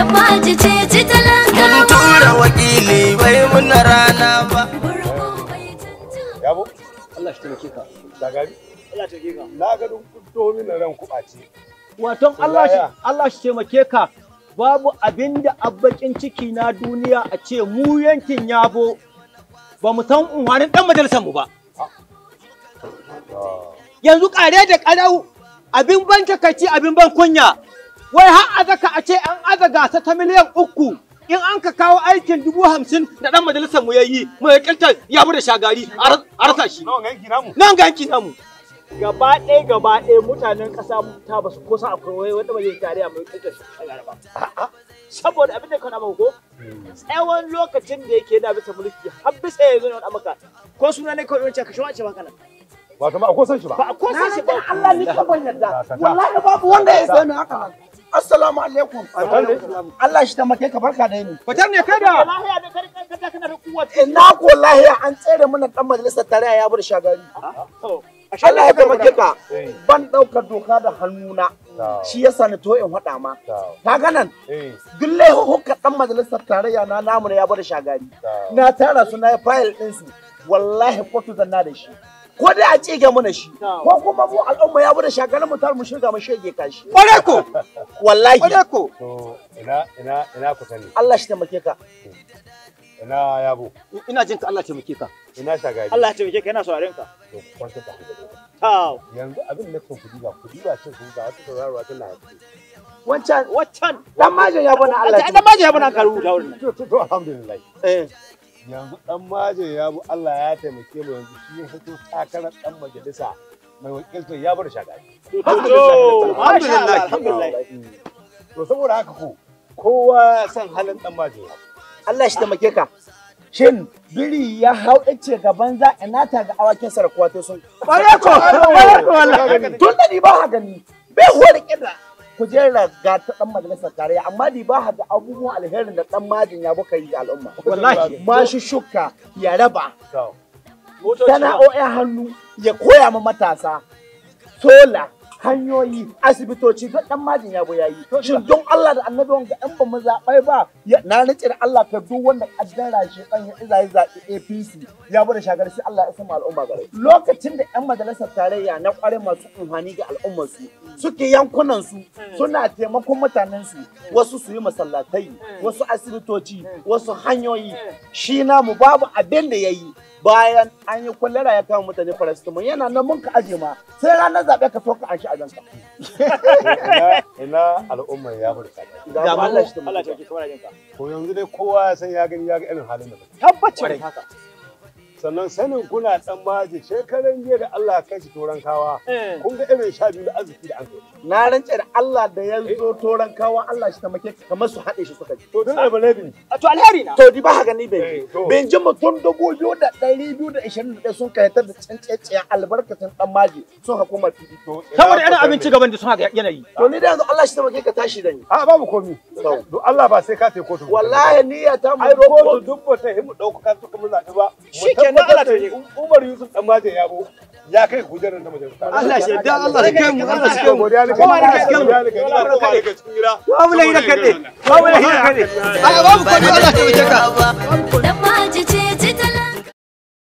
da ce talaka mun tura wakili bai rana ba yabo Allah shi taimake ka babu abin da abbakin ciki na duniya a ce mu yankin yabo ba mu san unwanin dan majalisar mu ba ah. yanzu kare da karau abin ban takaici abin ban kunya wai har azaka a ce an aza gasa ta miliyan uku in an ka kawo aikin dubu hamsin da dan majalisar mu yayi mu yakiltar ya bude shagari a rasa shi nan yanki namu gaba ɗaya gaba ɗaya mutanen ƙasa ta ba su kosa akwai wanda ba zai tare a mai a shagari ba saboda abin da ka nama ko tsawon lokacin da yake da bisa mulki har bisa yanzu ne wani amaka ko suna ne kawai wancan ka shi wancan ba nan ba a kosan shi ba ba a kosan shi ba Allah ni ka ban yarda wallahi babu wanda ya sami haka Assalamu alaikum. Allah shi ta tamake ka barka da yini. Fitar ne kai da. Lahiya da kana da kuwa. Ina ko lahiya an tsere mana dan majalisar tarayya ya bar shagari. Ah, ah, Allah ya tamake ka. Eh. Ban dauka doka da hannuna. Shi ya sani to in faɗa ma. Ka ga nan. Eh. Duk laihuhuka dan majalisar tarayya na namu ya bar shagari. Na tara su na fayil ɗinsu. Wallahi kotu zanna da shi. ko da a tsige mana shi ko kuma mu al'umma ya bude shagalan mu tar mu shirga mu shege kashi kware ko wallahi kware ko ina ina ina ku sani Allah shi taimake ka ina yabo ina ka Allah taimake ka ina shagari Allah taimake ka ina sauraren ka kwanta ka yanzu abin da kan kudi ba kudi ba cin kudi ba wata saurarwa tana haƙi wancan wancan dan majin ya bana Allah dan majin ya bana karu da wurin to alhamdulillah eh yanzu dan maje ya bu Allah ya taimake mu yanzu shi ya fito takarar dan majalisa mai wakiltar ya bar shagari. Alhamdulillah. To saboda haka ko kowa san halin dan maje ya. Allah shi taimake ka. Shin biri ya hau ce gaban za ina nata ga awakin sarakuwa to sun. Bare ko, bare ko Allah. Tun da ni ba ha gani. Bai huwa da kira. kujerar ga ta dan majalisar tarayya amma di ba da abubuwan alherin da dan majin ya buka yi ga al'umma wallahi ba shi shuka ya raba sana'o'in hannu ya koya ma matasa sola hanyoyi asibitoci don dan majin ya goya yi shin don Allah da annabi wanda ɗan ba mu zabai ba na rike da Allah ta duk wanda ajidan rashi dan ya izayi zaɓi APC ya bude shagar sai Allah ya sama al'umma gare lokacin da yan majalisar tarayya na kware masu unhani ga al'ummarsu su suke yankunan su suna taimakon mutanen su wasu su yi masallatai wasu asibitoci wasu hanyoyi shi namu babu abin da yayi bayan an yi kullara ya kama mutane mun yana nan mun ka aje ma sai ranar zaɓe ka to ka an a ganka ina al'ummar ya burka da Allah shi Allah ta ki ko yanzu dai kowa ya san ya gani ya ga irin halin da tabbacin haka sannan sanin kuna dan maji shekaran jiya da Allah kai shi toran kawa eh. kun ga irin sha biyu da arziki da aka na rance da Allah da ya zo toran kawa Allah shi ta tamake kamar su haɗe shi suka ji to don albalabi a to alheri na to di ba gani bai eh, ben ji mutum dubu biyu da ɗari da ishirin sun ɗaya sun da cancanciya albarkatun dan maji sun hakuma to saboda irin abinci gaban da sun haka yanayi to ni da yanzu Allah shi ta make ka tashi da ni a babu komi to Allah ba sai ka tafi kotu wallahi niyya ta mu ai ko dubba ta himu dauka ka tuka mun zaɓi ba shike na Allah ta Umar Yusuf dan maje yabo ya kai kujerar da majalisa Allah shi da Allah shi kai mu Allah shi kai mu kowa ne kai mu kowa ne kai tsira babu lahi da kade babu lahi da kade a babu Allah ta dan